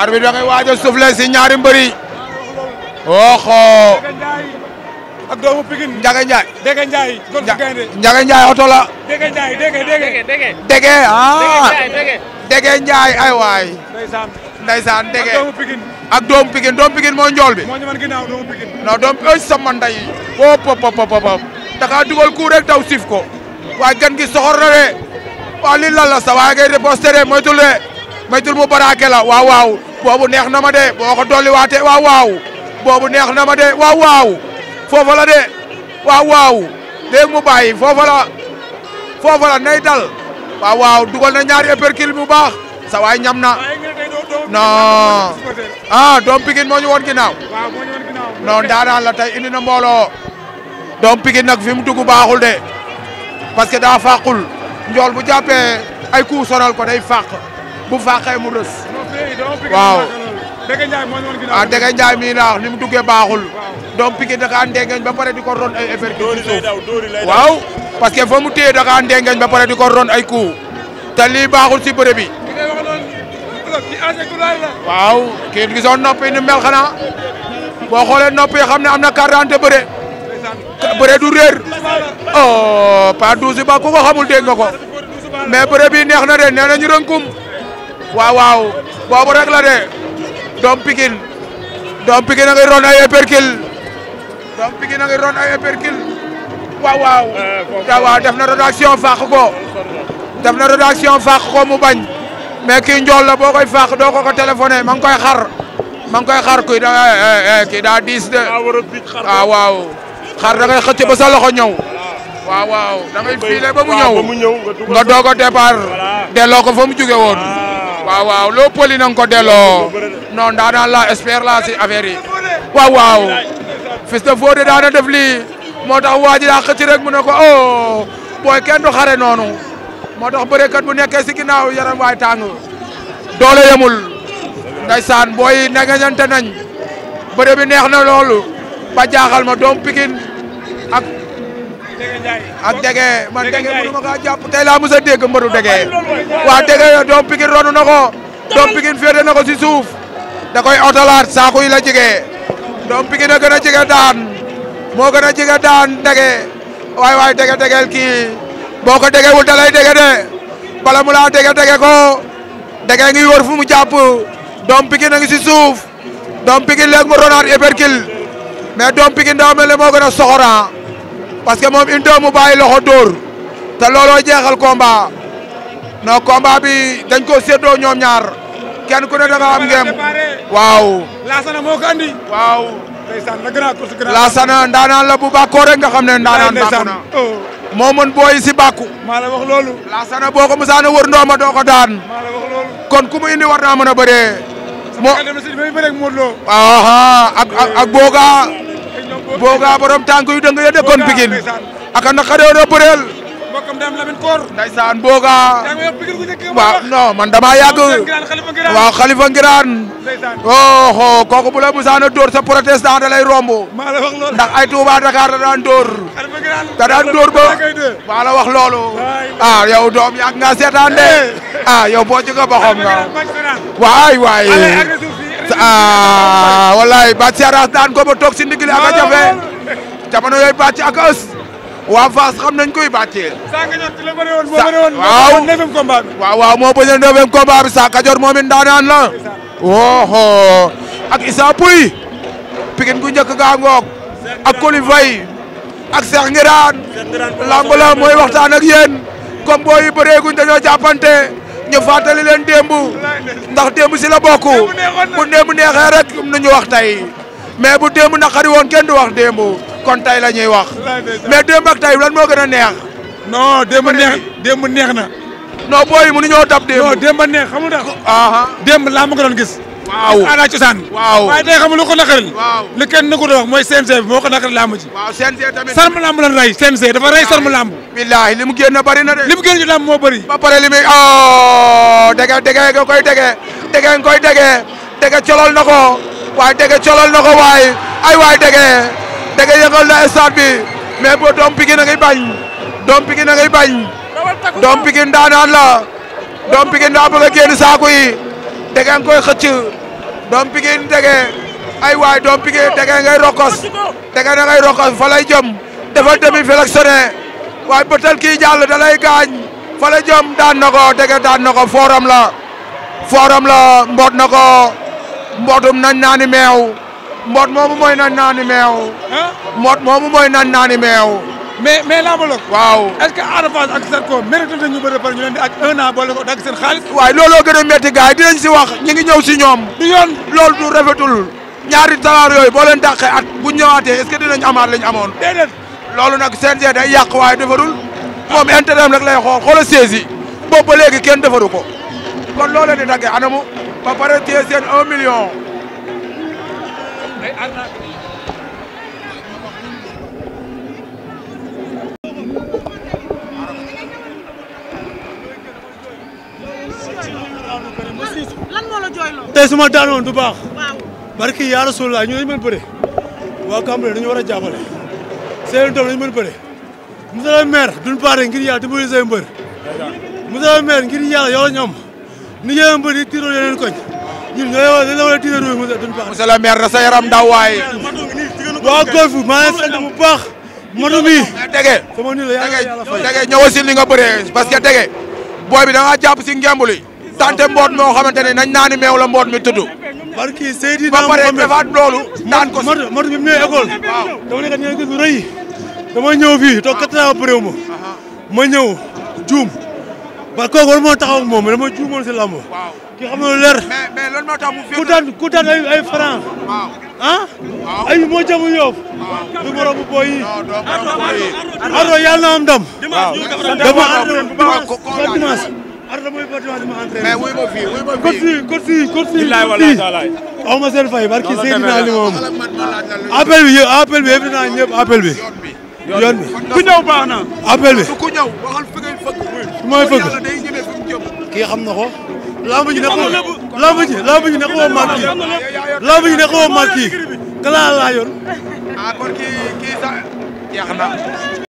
arbitre da ngay waaj a soufflé si ñaari mbëri oxo ak doomu Pikine Ndiaga Ndiaye. Dégé Ndiaye góor gu gaynde. Ndiaga Ndiaye ay waay. ndeysaan ndeysaan dégé. ak doomu ak doomu Pikine doomu Pikine moo njool bi. moo doomu Pikine. non doomu ay sama nday. ku rek daw siif ko. waaye gan gi soxor na de. waa li la sa waaye ngay riposté de moytul de moytul mu baraake la waaw. boobu neex na ma de boo ko dolliwaatee waaw waaw boobu neex na ma de waaw waaw foofa la de waaw waaw léegi mu bàyyi foofa la foofa la dal waaw waaw dugal na ñaari épercule bu baax sa ñam na non ah doom Pikine moo ñu woon ginnaaw non daanaan la tey indi na mbooloo doom Pikine nag fi mu dugg baaxul de parce que daa fàqul njool bu jàppee ay coup sonal ko day fàq bu fàqee mu rës waaw ah Ndege Ndiaye mii la ni mu duggee baaxul donc Pikine da kaa ndengeñ ba pare di ko ron ay effet waaw parce que mu téye da kaa ndengeñ ba pare di ko ron ay coup te baaxul si bëre bi waaw kii gisoon noppi ni mel boo xoolee noppi xam ne am na quarante bëre bëre du réer oh pas douze ba ku ko xamul dégg nga ko mais neex na de nee nañu rënkum waaw waaw boobu rek la de doom pikin doom pikin a ngi ron ay épercil doom pikin a ngi ay épercil eh, waaw def na rotation fàq ko def na rotation fàq ko mu bañ mais kii njool la boo koy fàq doo ko ko téléphoné ma ngi koy xar ma ngi koy da eh, eh, kii daa diis de waaw ah, waaw xar da ngay xëcc ba sa loxo ñëw waaw waaw ba mu ñëw nga doog a départ delloo ko fa mu jóge woon waaw loo poli na ko delloo non daanaan la espère la si affaire yi waaw waaw Fils de Fodé daana def lii moo tax waa daa xëcc rek mu ne ko oh booy kenn du xare noonu moo tax bërekat bu nekkee si ginnaaw yaram waay tàng doole yemul ndeysaan booy negañante nañ bëre bi neex na loolu ba jaaxal ma doom pikin ak dege man dege mënu ma kaa jàpp tey laa mos a dégg dege waa dege doom pikin ronu na doom pikin féete na ko si suuf da koy otalaat saako yi la jege doom pikin a gën a daan moo gën a daan dege waay waay dege degel kii boo ko degewul da lay dege de bala mu laa dege dege ko dege ngi wër fu mu jàpp doom pikin a ngi doom pikin léegi mu ronaat épercule mais doom pikin daa moo gën a parce que moom une deux mu loxo dóor te looloo jeexal combat non combat bi dañ ko séddoo ñoom ñaar kenn ku ne da nga am waaw. Laasana moo ko andi. waaw. ndeysaan la grand course grand. Laasana ndaanaan la bu bàkkoo rek nga xam ne ndaanaan bàkku na. Oh. moo mën booy si bàkku. maa la wax loolu. Laasana boo ko musaana wër ndooma doo ko daan. maa la kon ku indi war naa mën a bëree. moo sama kàddu gi si li boogaa borom tànk yu dëng ya dëkkoon Pikine aka na xaree woon a bëreel mbokam dam lamin koor ndaysaan boogaa waaw non man dama yàgg waaw xalifa ngiraan oho kooku bu la musaana dóor sa protestant da lay romb ndax ay Touba Dakar da daan dóor da daan dóor ba maa la wax loolu ah yow doom yàgg nga seetaan de eh. ah yow boo ci waay waay ah wallaay Bathie Arass daan ko ba toog si ndigli a jafe jamono yooyu Bathie ak a ës waa Fass xam nañ koy Bathie. saa nga ñor ci la bëri woon moo bëri woon. waaw moo bëri woon neuvième combat bi. waaw moo bëri woon la. wooxoo ak Issa Pouye Pikine gu njëkk gaa ngoog ak Coly Faye ak Cheikh Ngiraan lamb la mooy waxtaan ak yéen comme booy yu bëree guñ ñu fàttali leen démb ndax démb si la bokk bu démb neexee rek nu ñu wax tey mais bu démb naqari woon kenn di wax démb kon tey la ñuy wax mais démb ak tey lan moo gën a neex. non démb neex démb neex na. non booy yi mënuñoo dab démb. non démb neex xam nga. démb laa ma ko doon gis. waaw aada cosaan waaw waaye tey xam lu ko naqaril waaw li mooy CNG bi moo ko naqaril làmb ji lan rey CNG dafa rey sarm làmb billaahi li mu génn na de li mu génn ci moo bëri oh, ay waay dege dege yëngal na stade bi mais boo doom pigi na ngay la doom pigi ndaa bëgg a dege koy xëcc doom Pikine Dege ay waay doom Pikine Dege ngay rokos Dege da ngay rokos fa jëm dafa demi sélectionné waaye bëtal kii jàll gaañ fa jëm daan na ko Dege daan na fooram la fooram la mboot na ko nañ naani meew mboot moomu mooy nañ naani meew mboot moomu mooy nañ naani meew mais mais lamba loog. waaw est-ce que Ada ak Zarko mérite nañu bëri pare ñu leen di ak un an boole ko dagg seen xaalis. waaye looloo gën a métti dinañ si wax ñu ngi ñëw si ñoom. du yoon loolu du rafetul ñaari talaar yooyu boo leen dàqee at bu ñëwaatee est-ce que dinañ amaat lañ amoon. déedéet loolu nag sen day yàq waaye defarul moom intérêt am rek lay xool xoolal saisi boobu ba léegi kenn defaru ko kon loo leen di daggee anamu ba pare téye seen million. lan moo la jooyloo. tey su ma daanoon du baax. waaw bëre. waa Cambérène dañu war a jàppale. seen doom dañu mën bëre. monsieur le maire duñ pare ngir yàlla dimbali seen mbër. monsieur le maire ngir yàlla yow la ñu am. ni yeneen koñ. ñun ñoo yow dañu la war a tiiroo yooyu duñ pare. maa ngi sant bu baax. dege dege ñëw si li nga bëree parce que dege booy bi da ngaa tante mboot moo xamante ne nañ naani meew la mboot mi tudd. barki Seydina Mohamed ba pare defaat loolu. daan ko si motu motu bi mu ñëwee école. waaw dama nekk nii gis rëy. dama ñëw fii toog kat naa bëréew ma. ma ñëw juum. ba kooku war moo taxaw ak moom dama juumoon si lamb. waaw ki xam nga lu leer. mais mais lan moo tax mu ku daan ku daan ay ay franc. ah. ay moo jamu yoof. waaw du borom bu booy yi. ardo yàlla na am ndam. waaw dama ardo dimanche Ardo mooy bâtiment bi seen fay barki Seydina li moom appel bi appel bi yoon bi ku ñëw na. appel bi ku ñëw waxal fëgg. mooy fëgg kii xam na ko. lamb ji nekkul lamb ji laa yoon. Ah,